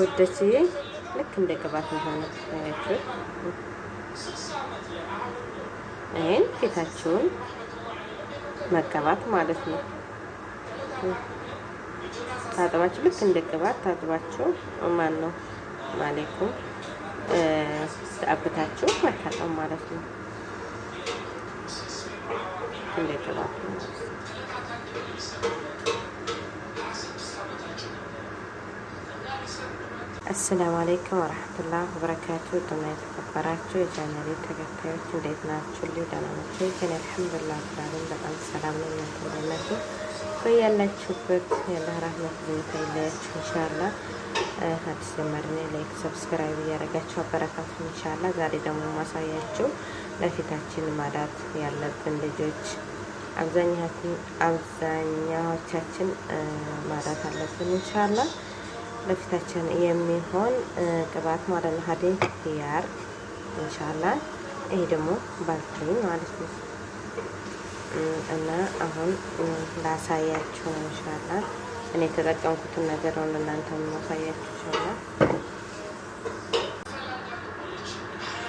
ወደች ልክ እንደ ቅባት የሆነ ያችሁት ይህን ፊታችሁን መቀባት ማለት ነው። ታጥባችሁ ልክ እንደ ቅባት ታጥባችሁ ማን ነው ማሌኩም አብታችሁ መታጠብ ማለት ነው። እንደ ቅባት ማለት ነው። አሰላሙ አለይኩም ወረህመቱላህ ወበረካቱ ጥና የተከበራችሁ የቻናሌ ተከታዮች እንዴት ናችሁ? ደህና ናችሁ? ይችን አልሐምዱሊላህ ብላለን በጣም ሰላም ነው። እናንተ እንዴት ናችሁ? በያላችሁበት የአላህ ራህመት ሁኔታ ይለያችሁ ኢንሻላህ። አዲስ ጀማሪ ላይክ ሰብስክራይብ እያደረጋችሁ አበረታቱ ኢንሻላህ። ዛሬ ደግሞ ማሳያችሁ ለፊታችን ማዳት ያለብን ልጆች አብዛኛዎቻችን ማዳት አለብን ኢንሻላህ ለፊታችን የሚሆን ቅባት ማለት ነው። ሀዴ ዲያር እንሻላ። ይሄ ደግሞ ባልትሪን ማለት ነው እና አሁን ላሳያችሁ እንሻላ። እኔ የተጠቀምኩትን ነገር ነው እናንተ ማሳያችሁ እንሻላ።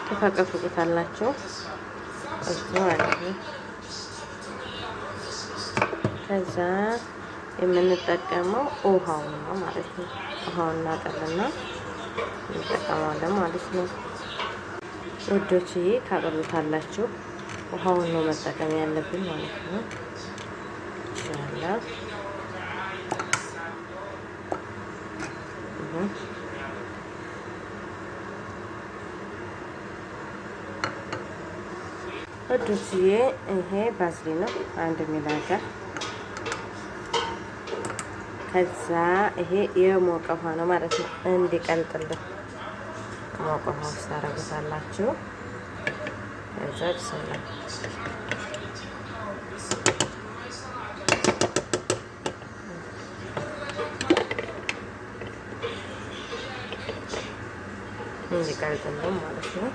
ተፈቀፍቁታላችሁ እሱ ማለት ነው ከዛ የምንጠቀመው ውሃው ነው ማለት ነው። ውሃውን እናጠልና እንጠቀማለን ማለት ነው። ይሄ ታጠሉታላችሁ። ውሃውን ነው መጠቀም ያለብን ማለት ነው። ያለ ውዶችዬ ይሄ ባዝሊ ነው አንድ ሚሊ ከዛ ይሄ የሞቀ ውሃ ነው ማለት ነው፣ እንዲቀልጥልን ሞቀ ውሃ ውስጥ ታደርጉታላችሁ። ከዛ ብስላ እንዲቀልጥልን ማለት ነው።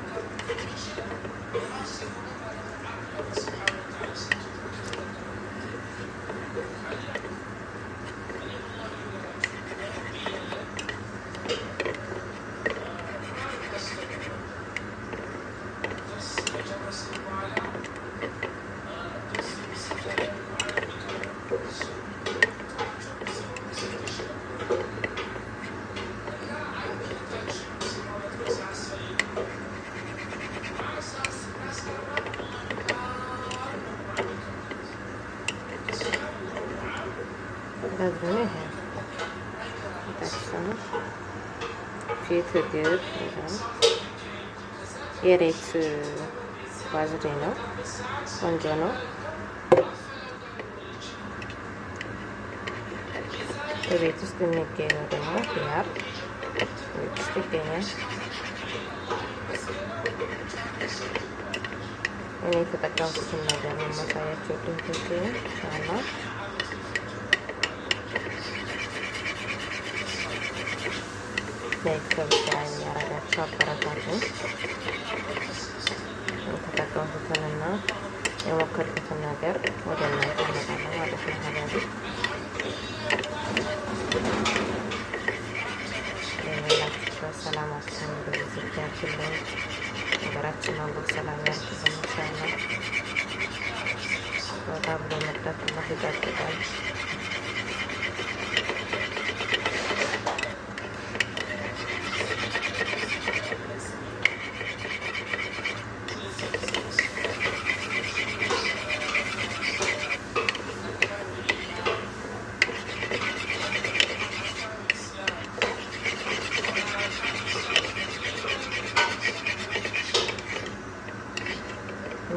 እንደዚህ ነው። ፊት እግር የሬት ባዝሪ ነው። ቆንጆ ነው። ቤት ውስጥ የሚገኘው ደግሞ ሂያር ቤት ውስጥ ይገኛል። እኔ የተጠቀምኩትን ነገር ማሳያቸው ድንቶች ላ ላይክ ሰብስክራይብ እያደረጋችሁ አበረታቱ። የተጠቀምኩትንና የሞከርኩትን ነገር ወደ እናንተ አመጣለሁ ማለት ነው። ሀባቢ የሌላችሁ ሰላማችን በዝግጃችን ሀገራችን አላህ ሰላም ያድርገን። ይሻላል ወጣ ብሎ መጣት አላህ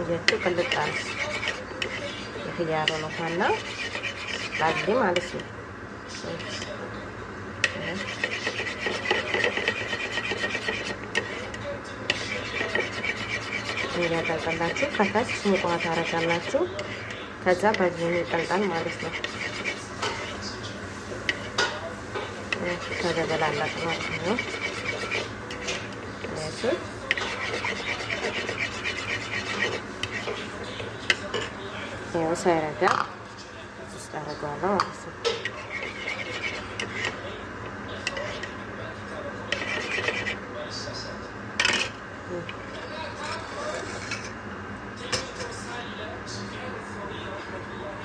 እንደዚህ ቅልጥ አለ የክያሮ ነው እና ላግዲ ማለት ነው። እንዳታቀላችሁ ከታች ሙቅ ውሃ ታረጋላችሁ። ከዛ በዚህ ይቀልጣል ማለት ነው። ተደበላላት ማለት ነው። Evo, sve reda. Stara glava, ovdje se.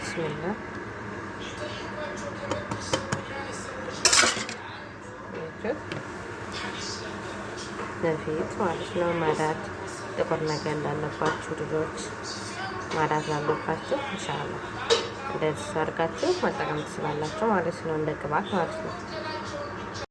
Bismillah. نفيت وعلى شنو المرات ጥቁር ነገር እንዳለባችሁ ልጆች ማዳት ላለባችሁ እንሻላ እንደዚህ አድርጋችሁ መጠቀም ትችላላችሁ ማለት ነው። እንደ ቅባት ማለት ነው።